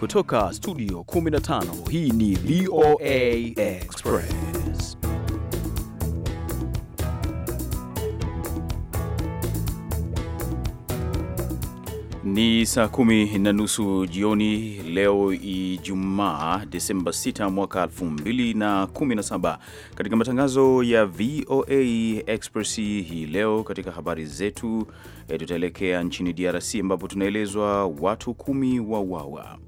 Kutoka studio 15 hii ni VOA Express. Ni saa kumi na nusu jioni leo Ijumaa, Desemba 6 mwaka 2017. Katika matangazo ya VOA Express hii leo, katika habari zetu eh, tutaelekea nchini DRC ambapo tunaelezwa watu kumi wauawa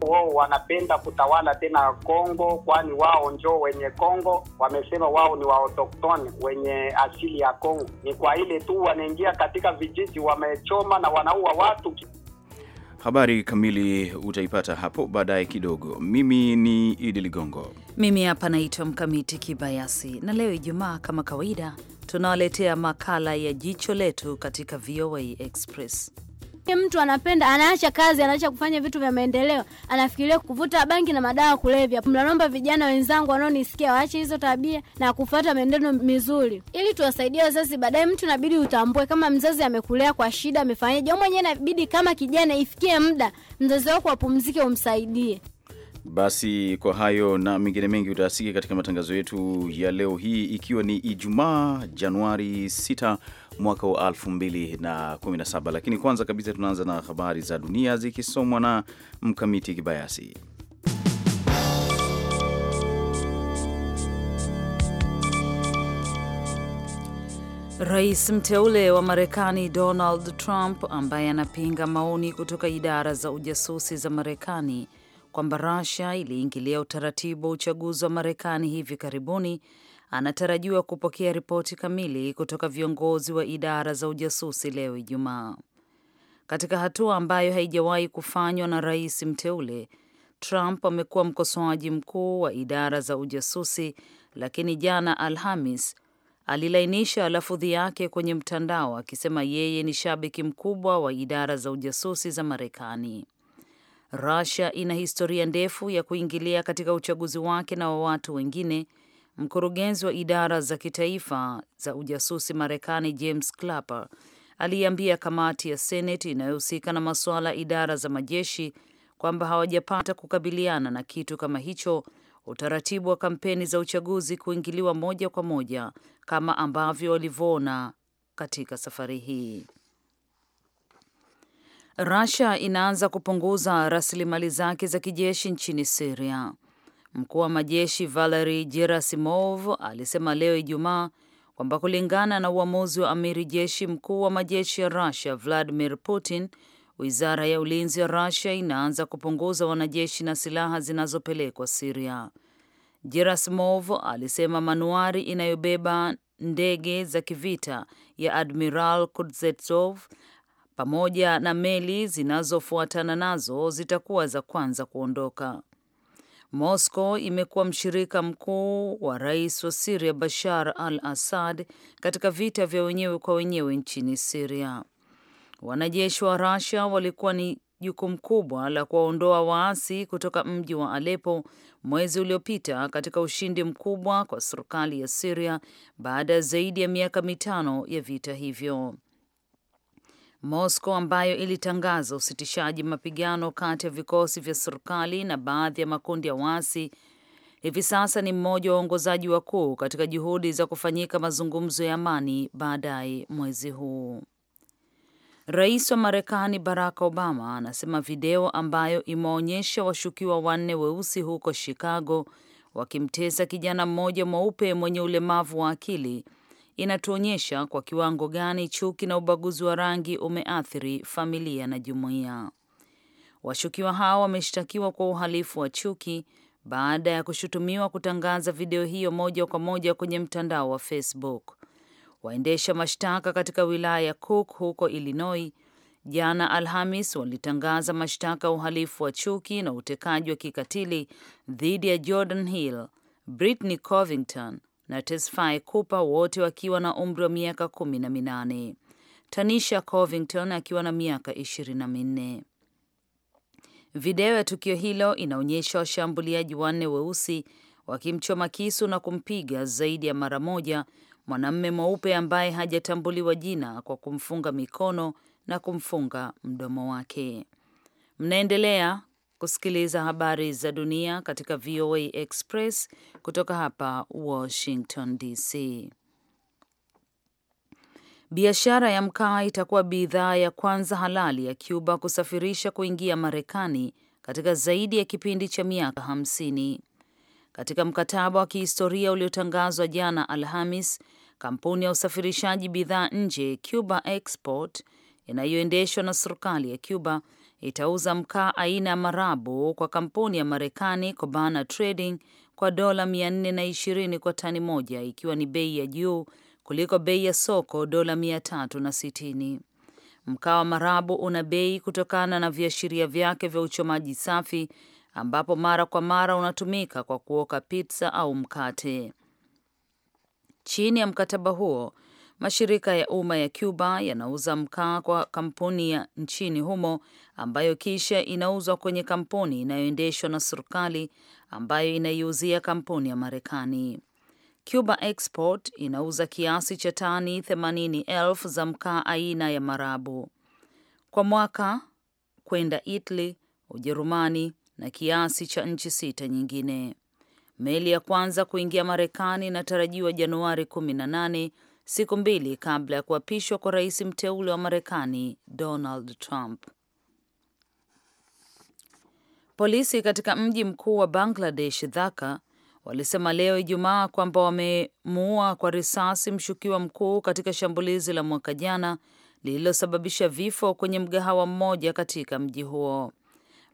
wao wanapenda kutawala tena Kongo, kwani wao njoo wenye Kongo. Wamesema wao ni waautoktoni wenye asili ya Kongo. Ni kwa ile tu wanaingia katika vijiji, wamechoma na wanaua watu. Habari kamili utaipata hapo baadaye kidogo. Mimi ni Idi Ligongo, mimi hapa naitwa Mkamiti Kibayasi, na leo Ijumaa kama kawaida tunawaletea makala ya jicho letu katika VOA Express. Mtu anapenda anaacha kazi, anaacha kufanya vitu vya maendeleo, anafikiria kuvuta bangi na madawa kulevya. Mnaomba vijana wenzangu wanaonisikia waache hizo tabia na kufuata maendeleo mizuri, ili tuwasaidie wazazi baadaye. Mtu inabidi utambue kama mzazi amekulea kwa shida, amefanyaje au mwenyewe, inabidi kama kijana ifikie muda mzazi wako apumzike, umsaidie. Basi kwa hayo na mengine mengi utasikia katika matangazo yetu ya leo hii, ikiwa ni Ijumaa Januari 6 mwaka wa 2017. Lakini kwanza kabisa tunaanza na habari za dunia zikisomwa na Mkamiti Kibayasi. Rais mteule wa Marekani Donald Trump ambaye anapinga maoni kutoka idara za ujasusi za Marekani kwamba Russia iliingilia utaratibu wa uchaguzi wa Marekani hivi karibuni anatarajiwa kupokea ripoti kamili kutoka viongozi wa idara za ujasusi leo Ijumaa. Katika hatua ambayo haijawahi kufanywa na rais mteule, Trump amekuwa mkosoaji mkuu wa idara za ujasusi, lakini jana Alhamis alilainisha lafudhi yake kwenye mtandao akisema yeye ni shabiki mkubwa wa idara za ujasusi za Marekani. Russia ina historia ndefu ya kuingilia katika uchaguzi wake na wa watu wengine Mkurugenzi wa idara za kitaifa za ujasusi Marekani James Clapper aliyeambia kamati ya Seneti inayohusika na masuala ya idara za majeshi kwamba hawajapata kukabiliana na kitu kama hicho, utaratibu wa kampeni za uchaguzi kuingiliwa moja kwa moja kama ambavyo walivyoona katika safari hii. Russia inaanza kupunguza rasilimali zake za kijeshi nchini Syria. Mkuu wa majeshi Valery Gerasimov alisema leo Ijumaa kwamba kulingana na uamuzi wa amiri jeshi mkuu wa majeshi ya Russia Vladimir Putin, wizara ya ulinzi ya Russia inaanza kupunguza wanajeshi na silaha zinazopelekwa Siria. Gerasimov alisema manuari inayobeba ndege za kivita ya Admiral Kuznetsov pamoja na meli zinazofuatana nazo zitakuwa za kwanza kuondoka. Moscow imekuwa mshirika mkuu wa rais wa Siria Bashar al Assad katika vita vya wenyewe kwa wenyewe nchini Siria. Wanajeshi wa rasia walikuwa ni jukumu kubwa la kuwaondoa waasi kutoka mji wa alepo mwezi uliopita katika ushindi mkubwa kwa serikali ya siria baada ya zaidi ya miaka mitano ya vita hivyo. Moscow ambayo ilitangaza usitishaji mapigano kati ya vikosi vya serikali na baadhi ya makundi ya waasi hivi sasa ni mmoja wa waongozaji wakuu katika juhudi za kufanyika mazungumzo ya amani baadaye mwezi huu. Rais wa Marekani Barack Obama anasema video ambayo imeonyesha washukiwa wanne weusi huko Chicago wakimtesa kijana mmoja mweupe mwenye ulemavu wa akili inatuonyesha kwa kiwango gani chuki na ubaguzi wa rangi umeathiri familia na jumuiya. Washukiwa hao wameshtakiwa kwa uhalifu wa chuki baada ya kushutumiwa kutangaza video hiyo moja kwa moja kwenye mtandao wa Facebook. Waendesha mashtaka katika wilaya ya Cook huko Illinois jana Alhamis walitangaza mashtaka ya uhalifu wa chuki na utekaji wa kikatili dhidi ya Jordan Hill, Britney Covington, na Tesfaye Cooper, wote wakiwa na umri wa miaka kumi na minane. Tanisha Covington akiwa na miaka ishirini na minne. Video ya tukio hilo inaonyesha washambuliaji wanne weusi wakimchoma kisu na kumpiga zaidi ya mara moja mwanamume mweupe ambaye hajatambuliwa jina kwa kumfunga mikono na kumfunga mdomo wake. Mnaendelea kusikiliza habari za dunia katika VOA Express kutoka hapa Washington DC. Biashara ya mkaa itakuwa bidhaa ya kwanza halali ya Cuba kusafirisha kuingia Marekani katika zaidi ya kipindi cha miaka hamsini. Katika mkataba wa kihistoria uliotangazwa jana Alhamis, kampuni ya usafirishaji bidhaa nje Cuba Export inayoendeshwa na serikali ya Cuba itauza mkaa aina ya marabu kwa kampuni ya Marekani Cobana Trading kwa dola 420 kwa tani moja, ikiwa ni bei ya juu kuliko bei ya soko dola 360. Mkaa wa marabu una bei kutokana na viashiria vyake vya uchomaji safi, ambapo mara kwa mara unatumika kwa kuoka pizza au mkate. Chini ya mkataba huo, mashirika ya umma ya Cuba yanauza mkaa kwa kampuni ya nchini humo ambayo kisha inauzwa kwenye kampuni inayoendeshwa na serikali ambayo inaiuzia kampuni ya Marekani. Cuba Export inauza kiasi cha tani 80,000 za mkaa aina ya marabu kwa mwaka kwenda Italy, Ujerumani na kiasi cha nchi sita nyingine. Meli ya kwanza kuingia Marekani inatarajiwa Januari 18, siku mbili kabla ya kuapishwa kwa rais mteule wa Marekani Donald Trump. Polisi katika mji mkuu wa Bangladesh, Dhaka, walisema leo Ijumaa kwamba wamemuua kwa risasi mshukiwa mkuu katika shambulizi la mwaka jana lililosababisha vifo kwenye mgahawa mmoja katika mji huo.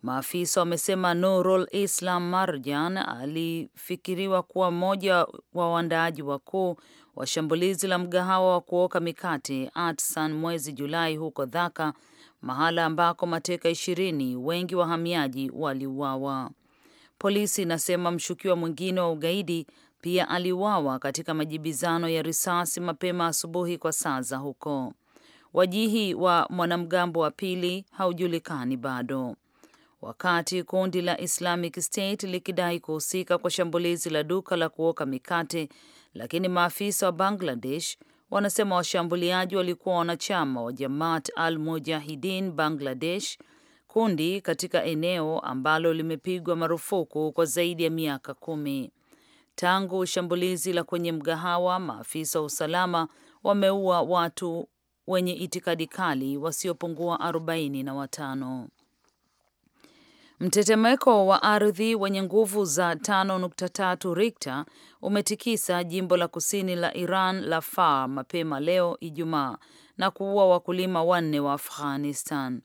Maafisa wamesema Nurul Islam Marjan alifikiriwa kuwa mmoja wa waandaaji wakuu wa shambulizi la mgahawa wa kuoka mikate Artisan mwezi Julai huko Dhaka mahala ambako mateka ishirini, wengi wahamiaji, waliuawa. Polisi inasema mshukiwa mwingine wa ugaidi pia aliuawa katika majibizano ya risasi mapema asubuhi kwa saa za huko. Wajihi wa mwanamgambo wa pili haujulikani bado. Wakati kundi la Islamic State likidai kuhusika kwa shambulizi la duka la kuoka mikate, lakini maafisa wa Bangladesh wanasema washambuliaji walikuwa wanachama wa Jamaat al Mujahidin Bangladesh, kundi katika eneo ambalo limepigwa marufuku kwa zaidi ya miaka kumi. Tangu shambulizi la kwenye mgahawa, maafisa wa usalama wameua watu wenye itikadi kali wasiopungua arobaini na watano. Mtetemeko wa ardhi wenye nguvu za 5.3 Richter umetikisa jimbo la kusini la Iran la Far mapema leo Ijumaa na kuua wakulima wanne wa Afghanistan.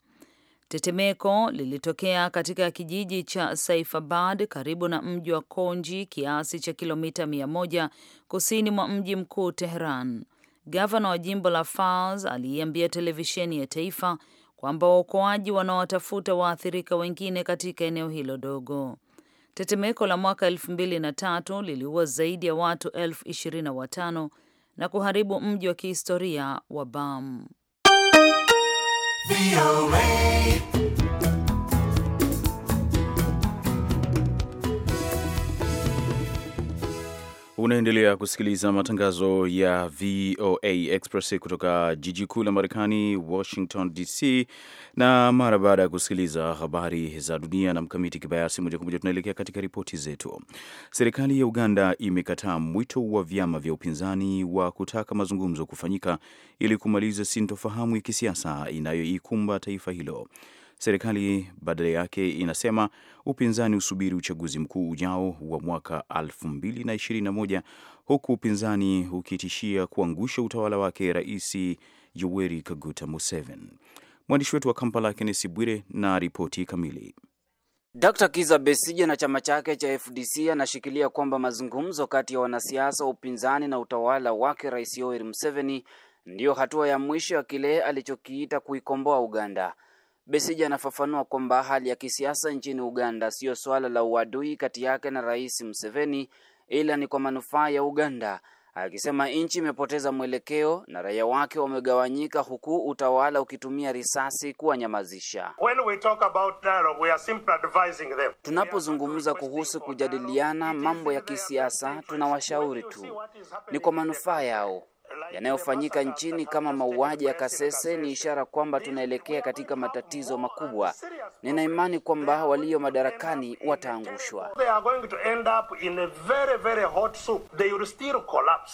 Tetemeko lilitokea katika kijiji cha Saifabad karibu na mji wa Konji, kiasi cha kilomita 1 kusini mwa mji mkuu teheran Gavana wa jimbo la Fars aliiambia televisheni ya taifa kwamba waokoaji wanawatafuta waathirika wengine katika eneo hilo dogo. Tetemeko la mwaka elfu mbili na tatu liliua zaidi ya watu elfu ishirini na watano na kuharibu mji wa kihistoria wa Bam. Unaendelea kusikiliza matangazo ya VOA Express kutoka jiji kuu la Marekani, Washington DC. Na mara baada ya kusikiliza habari za dunia na Mkamiti Kibayasi, moja kwa moja tunaelekea katika ripoti zetu. Serikali ya Uganda imekataa mwito wa vyama vya upinzani wa kutaka mazungumzo kufanyika ili kumaliza sintofahamu ya kisiasa inayoikumba taifa hilo. Serikali badala yake inasema upinzani usubiri uchaguzi mkuu ujao wa mwaka 2021 huku upinzani ukitishia kuangusha utawala wake Rais Yoweri Kaguta Museveni. Mwandishi wetu wa Kampala Kennesi Bwire na ripoti kamili. Dr. Kiza Besije na chama chake cha FDC anashikilia kwamba mazungumzo kati ya wanasiasa wa upinzani na utawala wake Rais Yoweri Museveni ndiyo hatua ya mwisho ya kile alichokiita kuikomboa Uganda. Besija anafafanua kwamba hali ya kisiasa nchini Uganda siyo swala la uadui kati yake na Rais Museveni, ila ni kwa manufaa ya Uganda, akisema nchi imepoteza mwelekeo na raia wake wamegawanyika, huku utawala ukitumia risasi kuwanyamazisha. Tunapozungumza kuhusu kujadiliana mambo ya kisiasa, tunawashauri tu, ni kwa manufaa yao yanayofanyika nchini kama mauaji ya Kasese ni ishara kwamba tunaelekea katika matatizo makubwa. Nina imani kwamba walio madarakani wataangushwa.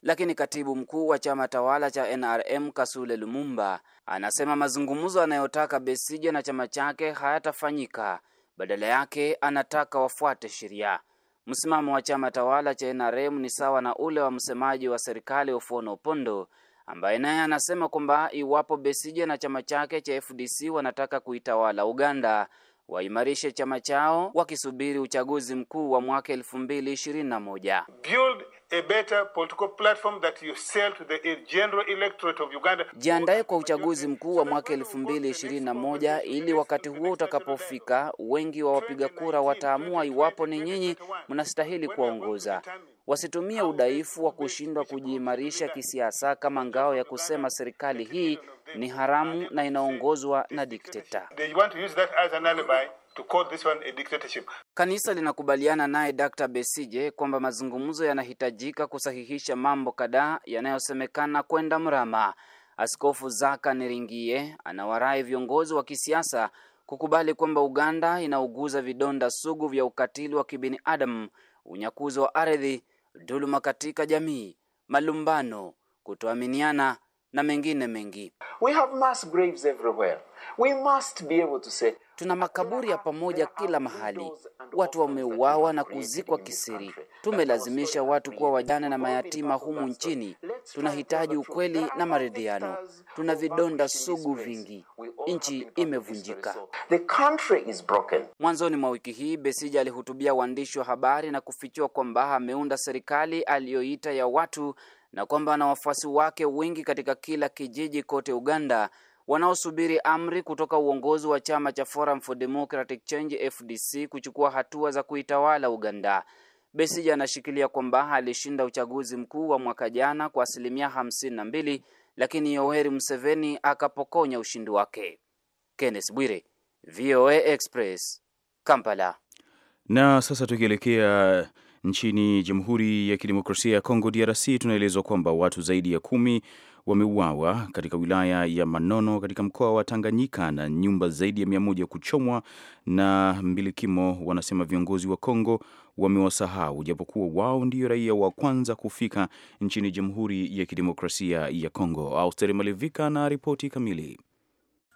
Lakini katibu mkuu wa chama tawala cha NRM Kasule Lumumba anasema mazungumzo anayotaka Besigye na chama chake hayatafanyika. Badala yake anataka wafuate sheria. Msimamo wa chama tawala cha NRM ni sawa na ule wa msemaji wa serikali Ofuono Opondo ambaye naye anasema kwamba iwapo Besigye na chama chake cha FDC wanataka kuitawala Uganda, waimarishe chama chao wakisubiri uchaguzi mkuu wa mwaka 2021. Build a better political platform that you sell to the general electorate of Uganda. Jiandae kwa uchaguzi mkuu wa mwaka 2021 ili wakati huo utakapofika, wengi wa wapiga kura wataamua iwapo ni nyinyi mnastahili kuwaongoza. Wasitumie udhaifu wa kushindwa kujiimarisha kisiasa kama ngao ya kusema serikali hii ni haramu na inaongozwa na dikteta. They want to use that as an alibi to call this one a dictatorship. Kanisa linakubaliana naye Dr. Besije kwamba mazungumzo yanahitajika kusahihisha mambo kadhaa yanayosemekana kwenda mrama. Askofu Zaka niringie anawarai viongozi wa kisiasa kukubali kwamba Uganda inauguza vidonda sugu vya ukatili wa kibinadamu, unyakuzi wa ardhi, dhuluma katika jamii, malumbano, kutoaminiana na mengine mengi. We have mass graves everywhere. We must be able to say, tuna makaburi ya pamoja kila mahali. Watu wameuawa na kuzikwa kisiri. Tumelazimisha watu kuwa wajane na mayatima humu nchini. Tunahitaji ukweli na maridhiano. Tuna vidonda sugu vingi, nchi imevunjika. Mwanzoni mwa wiki hii, Besija alihutubia waandishi wa habari na kufichua kwamba ameunda serikali aliyoita ya watu na kwamba ana wafuasi wake wengi katika kila kijiji kote Uganda wanaosubiri amri kutoka uongozi wa chama cha Forum for Democratic Change FDC kuchukua hatua za kuitawala Uganda. Besija anashikilia kwamba alishinda uchaguzi mkuu wa mwaka jana kwa asilimia hamsini mbili, lakini Yoweri Museveni akapokonya ushindi wake. Kenneth Bwire, VOA Express, Kampala. Na sasa tukielekea Nchini Jamhuri ya Kidemokrasia ya Kongo, DRC, tunaelezwa kwamba watu zaidi ya kumi wameuawa katika wilaya ya Manono katika mkoa wa Tanganyika na nyumba zaidi ya mia moja kuchomwa na mbilikimo. Wanasema viongozi wa Kongo wamewasahau japokuwa wao ndio raia wa kwanza kufika nchini Jamhuri ya Kidemokrasia ya Kongo. Austeri Malivika na ripoti kamili.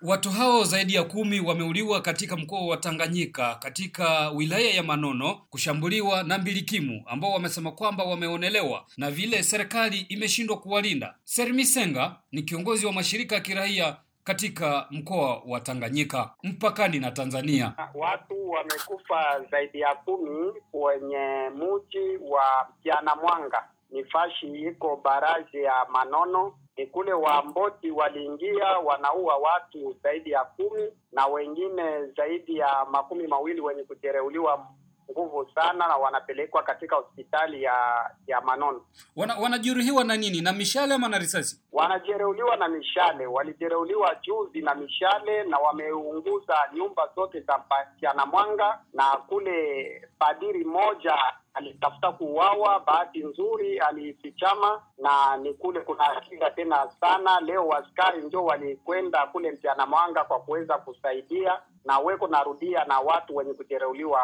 Watu hao zaidi ya kumi wameuliwa katika mkoa wa Tanganyika katika wilaya ya Manono kushambuliwa na mbilikimu ambao wamesema kwamba wameonelewa na vile serikali imeshindwa kuwalinda. Sermisenga ni kiongozi wa mashirika ya kiraia katika mkoa wa Tanganyika mpakani na Tanzania. Watu wamekufa zaidi ya kumi kwenye mji wa Mpiana Mwanga, nifashi iko baraji ya Manono ni kule Waamboti waliingia wanaua watu zaidi ya kumi na wengine zaidi ya makumi mawili wenye kujereuliwa nguvu sana na wanapelekwa katika hospitali ya ya Manono. Wana, wanajeruhiwa na nini? Na mishale ama na risasi? Wanajereuliwa na mishale, walijereuliwa juzi na mishale na wameunguza nyumba zote za mpatiana mwanga na kule padiri moja alitafuta kuuawa. Bahati nzuri alifichama, na ni kule kuna kinga tena sana. Leo askari ndio walikwenda kule Mtiana Mwanga kwa kuweza kusaidia, na weko narudia na watu wenye kujereuliwa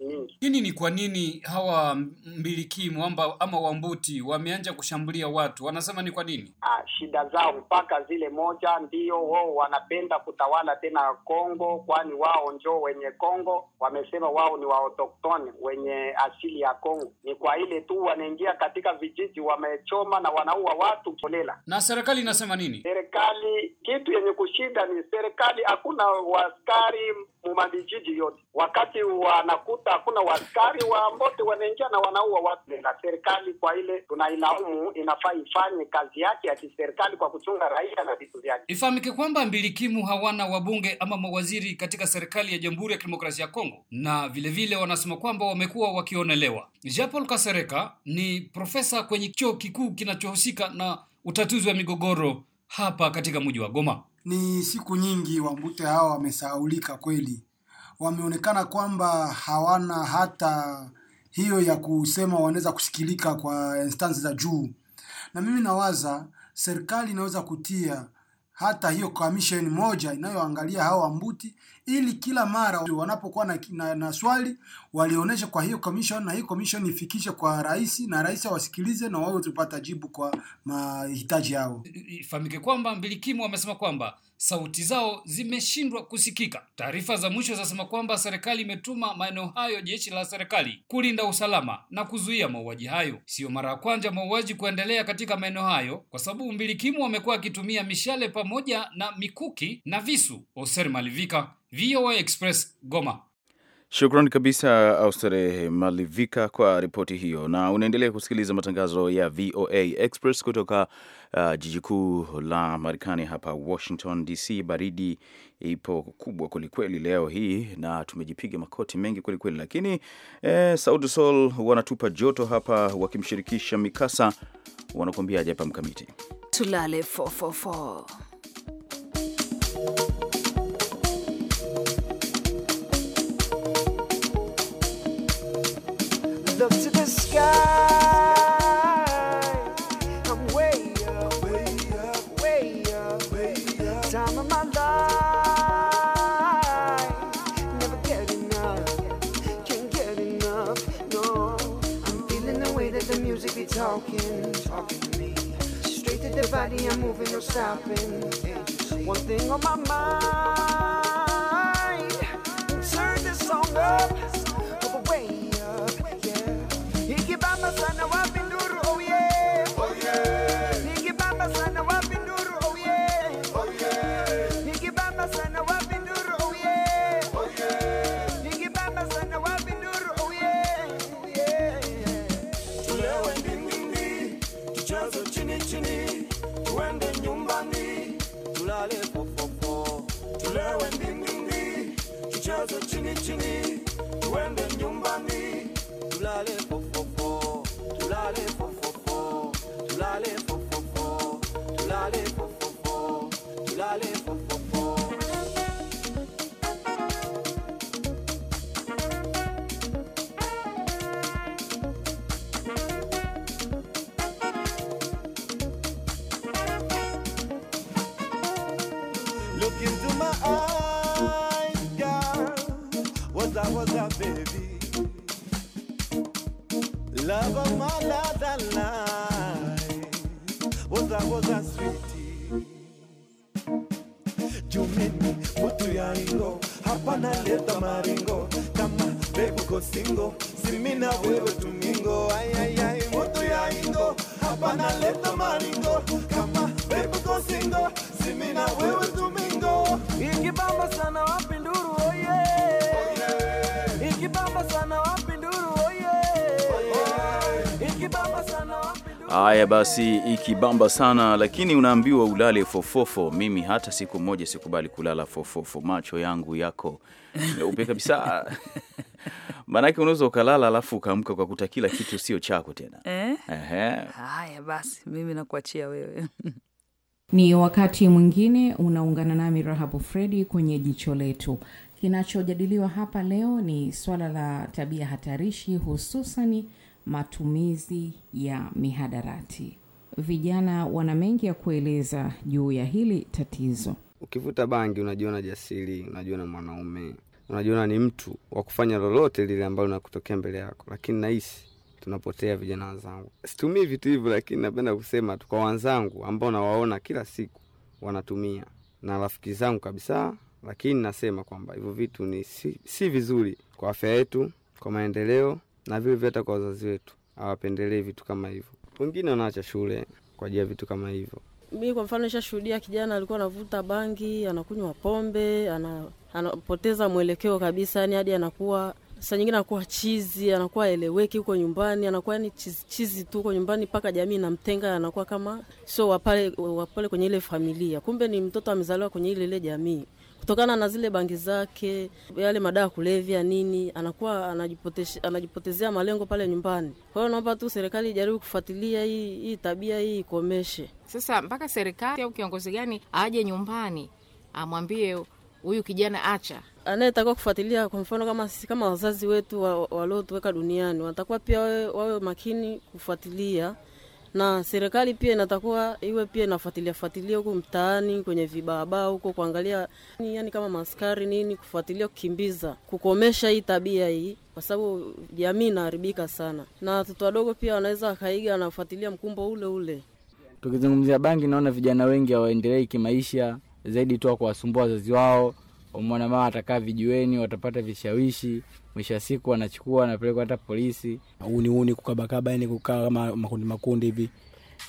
mingi. Hini ni kwa nini hawa mbiliki mwamba ama wambuti wameanja kushambulia watu? Wanasema ni kwa nini? Ah, shida zao mpaka zile moja ndio wao wanapenda kutawala tena Kongo, kwani wao njo wenye Kongo. Wamesema wao ni waotoktone wenye asili ya Kongo. Ni kwa ile tu wanaingia katika vijiji, wamechoma na wanaua watu kolela. Na serikali inasema nini? Serikali kitu yenye kushinda ni serikali, hakuna waskari muma yote. Wakati wanakuta hakuna waskari wa mbote wanaingia na wanaua watu. Na serikali kwa ile tunailaumu, inafaa ifanye kazi yake ya kiserikali kwa kuchunga raia na vitu vyake. Ifahamike kwamba mbilikimu hawana wabunge ama mawaziri katika serikali ya Jamhuri ya Kidemokrasia ya Kongo, na vilevile vile wanasema kwamba wamekuwa wakionelewa kuelewa. Jean Paul Kasereka ni profesa kwenye chuo kikuu kinachohusika na utatuzi wa migogoro hapa katika mji wa Goma. Ni siku nyingi Wambute hawa wamesahaulika kweli, wameonekana kwamba hawana hata hiyo ya kusema wanaweza kusikilika kwa instansi za juu, na mimi nawaza serikali inaweza kutia hata hiyo commission moja inayoangalia hao ambuti, ili kila mara wanapokuwa na, na, na swali walionyesha kwa hiyo commission, na hiyo commission ifikishe kwa rais na rais awasikilize na wao tupata jibu kwa mahitaji yao. Ifahamike kwamba mbilikimu wamesema kwamba sauti zao zimeshindwa kusikika. Taarifa za mwisho zinasema kwamba serikali imetuma maeneo hayo jeshi la serikali kulinda usalama na kuzuia mauaji hayo. Siyo mara ya kwanza mauaji kuendelea katika maeneo hayo, kwa sababu umbilikimu wamekuwa akitumia mishale pamoja na mikuki na visu. Oser Malivika, VOA Express, Goma. Shukrani kabisa Austere Malivika kwa ripoti hiyo, na unaendelea kusikiliza matangazo ya VOA Express kutoka Uh, jiji kuu la Marekani hapa Washington DC. Baridi ipo kubwa kwelikweli leo hii na tumejipiga makoti mengi kwelikweli, lakini eh, Sauti Sol wanatupa joto hapa wakimshirikisha Mikasa, wanakuambia ajapa mkamiti, tulale 444 talking, to me. Straight to the body, I'm moving, no stopping. One thing on my mind, turn this song up. tuwaze chini chini, tuende nyumbani, tulale fofofo, tulewe ndindindi, tucheze chini chini, tuende nyumbani, tulale fofofo, tulale fofofo, tulale fofofo, tulale fofofo, tulale fofofo. singo, simi na wewe tumingo, ayayay, moto ya ingo, hapana leta maringo, kama bebe ko singo, simi na wewe tumingo. Ikibamba sana wapi nduru, oh yeah. Ikibamba sana wapi nduru, oh yeah. Ikibamba sana wapi Haya basi, ikibamba sana lakini unaambiwa ulale fofofo. Mimi hata siku moja sikubali kulala fofofo, macho yangu yako meupe kabisa Maanake unaweza ukalala alafu ukaamka ukakuta kila kitu sio chako tena. Eh? Haya basi, mimi nakuachia wewe. Ni wakati mwingine unaungana nami Rahabu Fredi kwenye jicho letu. Kinachojadiliwa hapa leo ni swala la tabia hatarishi, hususani matumizi ya mihadarati. Vijana wana mengi ya kueleza juu ya hili tatizo. Ukivuta bangi unajiona jasiri, unajiona mwanaume unajiona ni mtu wa kufanya lolote lile ambalo nakutokea mbele yako, lakini nahisi tunapotea vijana wenzangu. Situmii vitu hivyo, lakini napenda kusema tu kwa wenzangu ambao nawaona kila siku wanatumia na rafiki zangu kabisa, lakini nasema kwamba hivyo vitu ni si, si vizuri kwa afya yetu, kwa maendeleo na vile vile hata kwa wazazi wetu hawapendelee vitu kama hivyo. Wengine wanaacha shule kwa ajili ya vitu kama hivyo. Mi kwa mfano nishashuhudia kijana alikuwa anavuta bangi, anakunywa pombe, ana anapoteza mwelekeo kabisa, yani hadi anakuwa saa nyingine anakuwa chizi, anakuwa eleweki huko nyumbani, anakuwa yani chizi, chizi tu huko nyumbani, mpaka jamii inamtenga, anakuwa kama sio wapale, wapale kwenye ile familia, kumbe ni mtoto amezaliwa kwenye ile ile jamii kutokana na zile bangi zake, yale madawa kulevya nini, anakuwa anajipotezea malengo pale nyumbani. Kwa hiyo naomba tu serikali ijaribu kufuatilia hii hii tabia hii ikomeshe. Sasa mpaka serikali au kiongozi gani aje nyumbani amwambie huyu kijana acha anayetakiwa kufuatilia. Kwa mfano kama sisi kama wazazi wetu waliotuweka wa duniani wanatakiwa pia wawe, wawe makini kufuatilia, na serikali pia inatakiwa iwe pia inafuatilia fuatilia huko mtaani, kwenye vibaabaa huko kuangalia, yani kama maskari nini, kufuatilia, kukimbiza, kukomesha hii tabia hii, kwa sababu jamii inaharibika sana, na watoto wadogo pia wanaweza wakaiga, anafuatilia mkumbo ule ule. Tukizungumzia bangi, naona vijana wengi hawaendelei kimaisha zaidi tu kuwasumbua wazazi wao. mwana mama atakaa vijiweni, watapata vishawishi, mwisha siku wanachukua wanapelekwa hata polisi. Uni uni kukabakaba, yani kukaa kama makundi makundi hivi,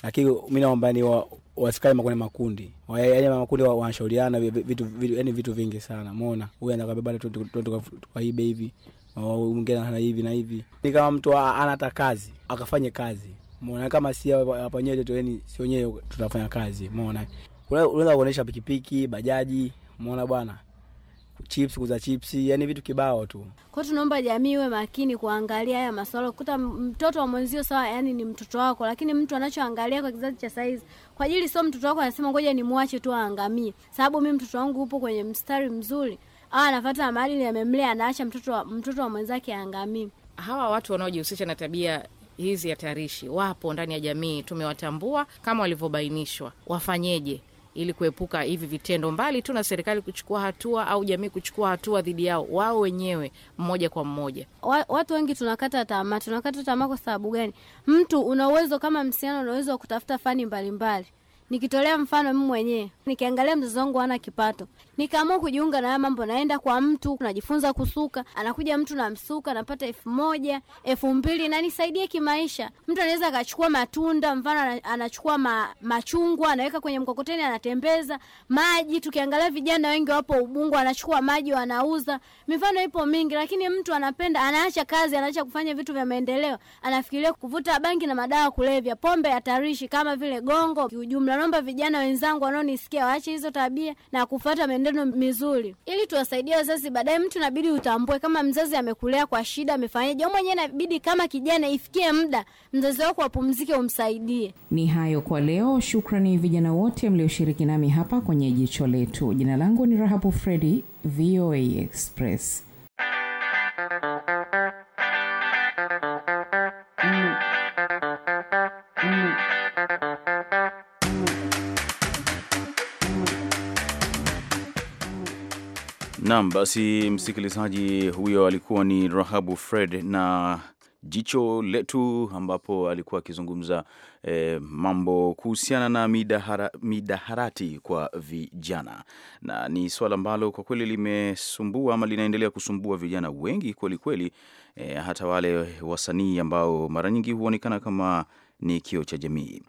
lakini mi naomba ni wa, wasikae makundi makundi, yani makundi wanashauriana vitu, vitu, yani vitu vingi sana. Mona huyu anakabeba tukaibe hivi, mwingine ana hivi na hivi. Ni kama mtu anata kazi akafanye kazi, mona kama si hapa nyewe tu, yani si wenyewe kazi, mona unaweza kuonesha pikipiki, bajaji, umeona bwana, chips, kuza chips, yani vitu kibao tu. Kwa hiyo tunaomba jamii iwe makini kuangalia haya masuala. Kuta mtoto wa mwenzio sawa, yani ni mtoto wako, lakini mtu anachoangalia kwa kizazi cha saizi kwa ajili sio mtoto wako, anasema ngoja nimwache tu aangamie, sababu mimi mtoto wangu upo kwenye mstari mzuri, ah, anafuata maadili yamemlea, anaacha mtoto wa, mtoto wa mwenzake aangamie. Hawa watu wanaojihusisha na tabia hizi hatarishi wapo ndani ya jamii, tumewatambua kama walivyobainishwa, wafanyeje? ili kuepuka hivi vitendo, mbali tu na serikali kuchukua hatua au jamii kuchukua hatua dhidi yao wao wenyewe mmoja kwa mmoja. Wa, watu wengi tunakata tamaa. Tunakata tamaa kwa sababu gani? Mtu una uwezo kama msichana, una uwezo wa kutafuta fani mbalimbali mbali. Nikitolea mfano mimi mwenyewe, nikiangalia mzazi wangu ana kipato, nikaamua kujiunga na haya mambo. Naenda kwa mtu najifunza kusuka, anakuja mtu namsuka, napata elfu moja elfu mbili nanisaidia kimaisha. Mtu anaweza akachukua matunda, mfano anachukua ma, machungwa anaweka kwenye mkokoteni, anatembeza maji. Tukiangalia vijana wengi wapo Ubungo, anachukua maji wanauza. Mifano ipo mingi, lakini mtu anapenda, anaacha kazi, anaacha kufanya vitu vya maendeleo, anafikiria kuvuta bangi na madawa kulevya, pombe hatarishi kama vile gongo, kiujumla naomba vijana wenzangu wanaonisikia waache hizo tabia na kufuata mienendo mizuri ili tuwasaidie wazazi baadaye. Mtu inabidi utambue kama mzazi amekulea kwa shida, amefanyaje au mwenyewe, inabidi kama kijana ifikie muda mzazi wako apumzike, umsaidie. Ni hayo kwa leo. Shukrani vijana wote mlioshiriki nami hapa kwenye jicho letu. Jina langu ni Rahabu Fredi, VOA Express. Naam, basi msikilizaji, huyo alikuwa ni Rahabu Fred na Jicho Letu, ambapo alikuwa akizungumza eh, mambo kuhusiana na midahara, midaharati kwa vijana, na ni swala ambalo kwa kweli limesumbua ama linaendelea kusumbua vijana wengi kwelikweli kweli, eh, hata wale wasanii ambao mara nyingi huonekana kama ni kio cha jamii.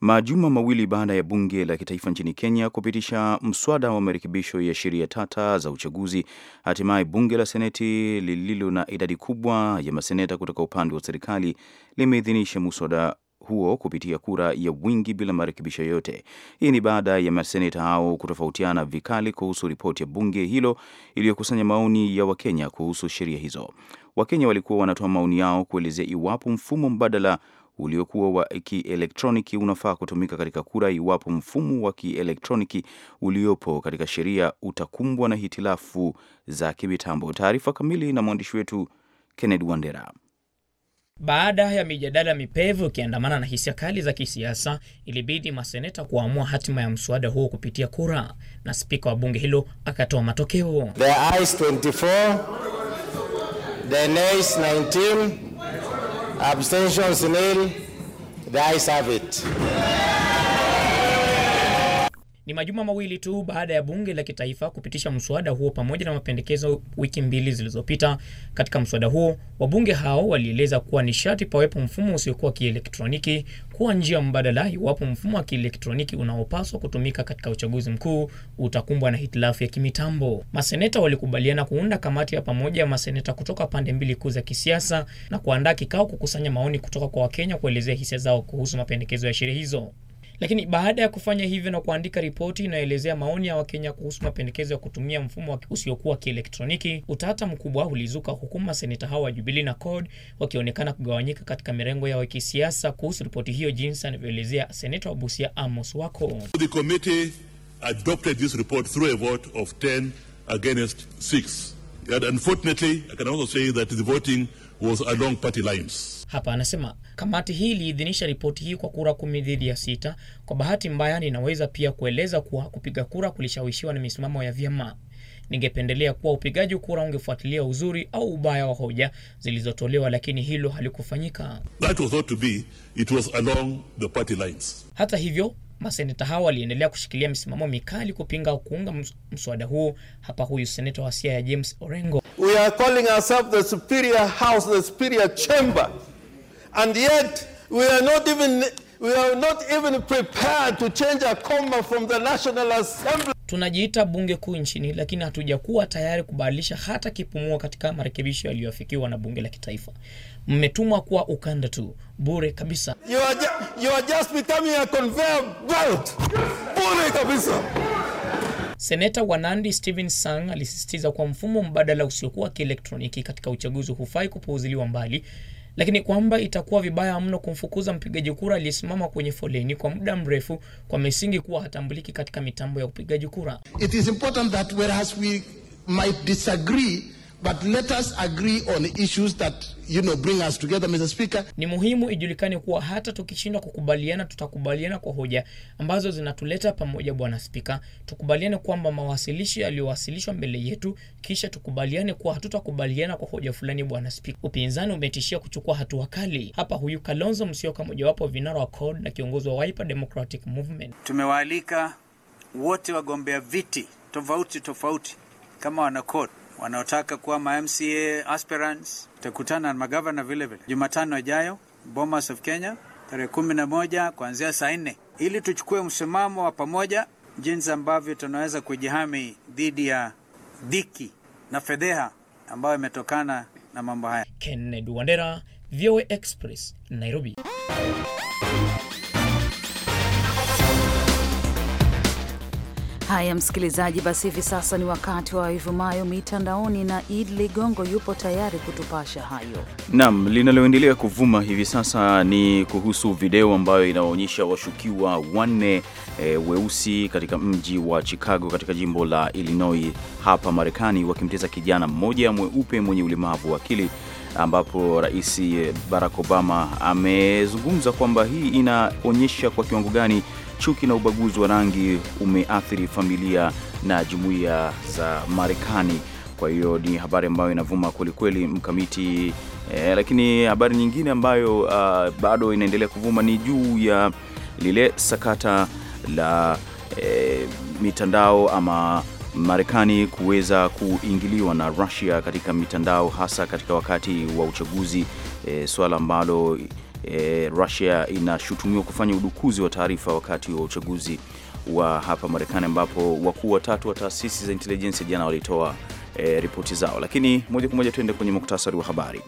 Majuma mawili baada ya bunge la kitaifa nchini Kenya kupitisha mswada wa marekebisho ya sheria tata za uchaguzi, hatimaye bunge la seneti lililo na idadi kubwa ya maseneta kutoka upande wa serikali limeidhinisha mswada huo kupitia kura ya wingi bila marekebisho yoyote. Hii ni baada ya maseneta hao kutofautiana vikali kuhusu ripoti ya bunge hilo iliyokusanya maoni ya Wakenya kuhusu sheria hizo. Wakenya walikuwa wanatoa maoni yao kuelezea iwapo mfumo mbadala uliokuwa wa kielektroniki unafaa kutumika katika kura iwapo mfumo wa kielektroniki uliopo katika sheria utakumbwa na hitilafu za kimitambo. Taarifa kamili na mwandishi wetu kenned Wandera. Baada ya mijadala mipevu ikiandamana na hisia kali za kisiasa, ilibidi maseneta kuamua hatima ya mswada huo kupitia kura, na spika wa bunge hilo akatoa matokeo. The 24, the nays 19 Abstentions nil. The ayes have it. Ni majuma mawili tu baada ya bunge la kitaifa kupitisha mswada huo pamoja na mapendekezo wiki mbili zilizopita. Katika mswada huo, wabunge hao walieleza kuwa ni sharti pawepo mfumo usiokuwa kielektroniki kuwa njia mbadala iwapo mfumo wa kielektroniki unaopaswa kutumika katika uchaguzi mkuu utakumbwa na hitilafu ya kimitambo. Maseneta walikubaliana kuunda kamati ya pamoja ya maseneta kutoka pande mbili kuu za kisiasa na kuandaa kikao kukusanya maoni kutoka kwa Wakenya kuelezea hisia zao kuhusu mapendekezo ya sheria hizo. Lakini baada ya kufanya hivyo na kuandika ripoti inayoelezea maoni ya Wakenya kuhusu mapendekezo ya kutumia mfumo usiokuwa kielektroniki, utata mkubwa ulizuka huku maseneta hao wa Jubilee na CORD wakionekana kugawanyika katika mirengo yao ya kisiasa kuhusu ripoti hiyo, jinsi anavyoelezea seneta wa Busia Amos Wako. The committee adopted this report through a vote of 10 against 6. unfortunately, I can also say that the voting was along party lines. Hapa anasema kamati hii iliidhinisha ripoti hii kwa kura kumi dhidi ya sita. Kwa bahati mbaya, ninaweza pia kueleza kuwa kupiga kura kulishawishiwa na misimamo ya vyama. Ningependelea kuwa upigaji kura ungefuatilia uzuri au ubaya wa hoja zilizotolewa, lakini hilo halikufanyika. Hata hivyo maseneta hao waliendelea kushikilia misimamo mikali kupinga au kuunga mswada huo. Hapa huyu seneta wa Siaya James Orengo. We are calling ourselves the superior house, the superior chamber And yet, we are not even, we are not even prepared to change a comma from the National Assembly. Tunajiita bunge kuu nchini, lakini hatujakuwa tayari kubadilisha hata kipumua katika marekebisho yaliyofikiwa na bunge la kitaifa. Mmetumwa kuwa ukanda tu bure kabisa. You are ju you are just becoming a conveyor belt. Bure kabisa. Seneta wa Nandi Stephen Sang alisisitiza kuwa mfumo mbadala usiokuwa kielektroniki katika uchaguzi hufai kupuuziliwa mbali lakini kwamba itakuwa vibaya mno kumfukuza mpigaji kura aliyesimama kwenye foleni kwa muda mrefu kwa misingi kuwa hatambuliki katika mitambo ya upigaji kura. It is important that whereas we might disagree But let us agree on issues that, you know, bring us together, Mr. Speaker. Ni muhimu ijulikane kuwa hata tukishindwa kukubaliana tutakubaliana kwa hoja ambazo zinatuleta pamoja, Bwana Spika. Tukubaliane kwamba mawasilishi yaliyowasilishwa mbele yetu, kisha tukubaliane kuwa hatutakubaliana kwa hoja fulani, Bwana Spika. Upinzani umetishia kuchukua hatua kali hapa. Huyu Kalonzo Musyoka, mojawapo vinara wa CORD na kiongozi wa Wiper Democratic Movement, tumewaalika wote wagombea viti tofauti tofauti kama wana CORD wanaotaka kuwa ma MCA aspirants. Tutakutana na magavana vile vile Jumatano ijayo Bomas of Kenya tarehe kumi na moja kuanzia saa nne ili tuchukue msimamo wa pamoja jinsi ambavyo tunaweza kujihami dhidi ya dhiki na fedheha ambayo imetokana na mambo haya. Kennedy Wandera, VOA Express, Nairobi. Haya msikilizaji, basi hivi sasa ni wakati wa Ivumayo Mitandaoni na Id Ligongo yupo tayari kutupasha hayo. Naam, linaloendelea kuvuma hivi sasa ni kuhusu video ambayo inaonyesha washukiwa wanne e, weusi katika mji wa Chicago katika jimbo la Illinois hapa Marekani wakimteza kijana mmoja mweupe mwenye ulemavu wa akili ambapo Rais e, Barack Obama amezungumza kwamba hii inaonyesha kwa kiwango gani chuki na ubaguzi wa rangi umeathiri familia na jumuiya za Marekani. Kwa hiyo ni habari ambayo inavuma kwelikweli mkamiti eh, lakini habari nyingine ambayo uh, bado inaendelea kuvuma ni juu ya lile sakata la eh, mitandao ama Marekani kuweza kuingiliwa na Russia katika mitandao hasa katika wakati wa uchaguzi eh, swala ambalo e, Russia inashutumiwa kufanya udukuzi wa taarifa wakati wa uchaguzi wa hapa Marekani, ambapo wakuu watatu wa taasisi za intelijensia jana walitoa e, ripoti zao. Lakini moja kwa moja tuende kwenye muktasari wa habari.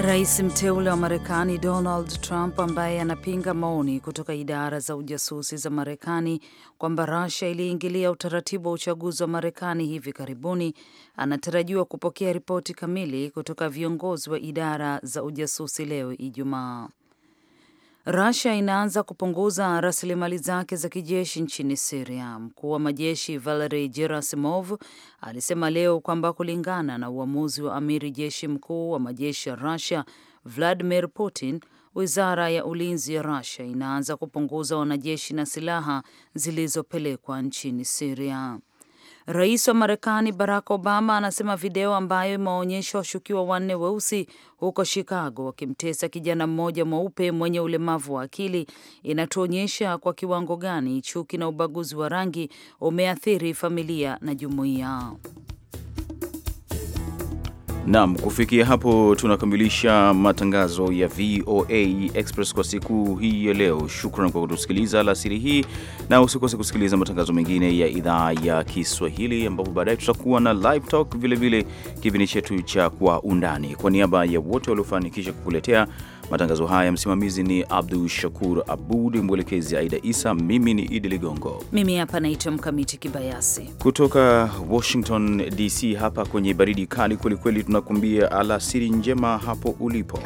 Rais mteule wa Marekani Donald Trump ambaye anapinga maoni kutoka idara za ujasusi za Marekani kwamba Russia iliingilia utaratibu wa uchaguzi wa Marekani hivi karibuni anatarajiwa kupokea ripoti kamili kutoka viongozi wa idara za ujasusi leo Ijumaa. Russia inaanza kupunguza rasilimali zake za kijeshi nchini Syria. Mkuu wa majeshi Valery Gerasimov alisema leo kwamba kulingana na uamuzi wa amiri jeshi mkuu wa majeshi ya Russia Vladimir Putin, Wizara ya Ulinzi ya Russia inaanza kupunguza wanajeshi na silaha zilizopelekwa nchini Syria. Rais wa Marekani Barack Obama anasema video ambayo imewaonyesha washukiwa wanne weusi huko Chicago wakimtesa kijana mmoja mweupe mwenye ulemavu wa akili inatuonyesha kwa kiwango gani chuki na ubaguzi wa rangi umeathiri familia na jumuiya. Naam, kufikia hapo tunakamilisha matangazo ya VOA Express kwa siku hii ya leo. Shukran kwa kutusikiliza alasiri hii, na usikose kusikiliza matangazo mengine ya idhaa ya Kiswahili, ambapo baadaye tutakuwa na live talk, vilevile kipindi chetu cha Kwa Undani. Kwa niaba ya wote waliofanikisha kukuletea Matangazo haya msimamizi ni Abdu Shakur Abud, mwelekezi Aida Isa, mimi ni Idi Ligongo, mimi hapa naitwa Mkamiti Kibayasi kutoka Washington DC. Hapa kwenye baridi kali kwelikweli, tunakuambia alasiri njema hapo ulipo.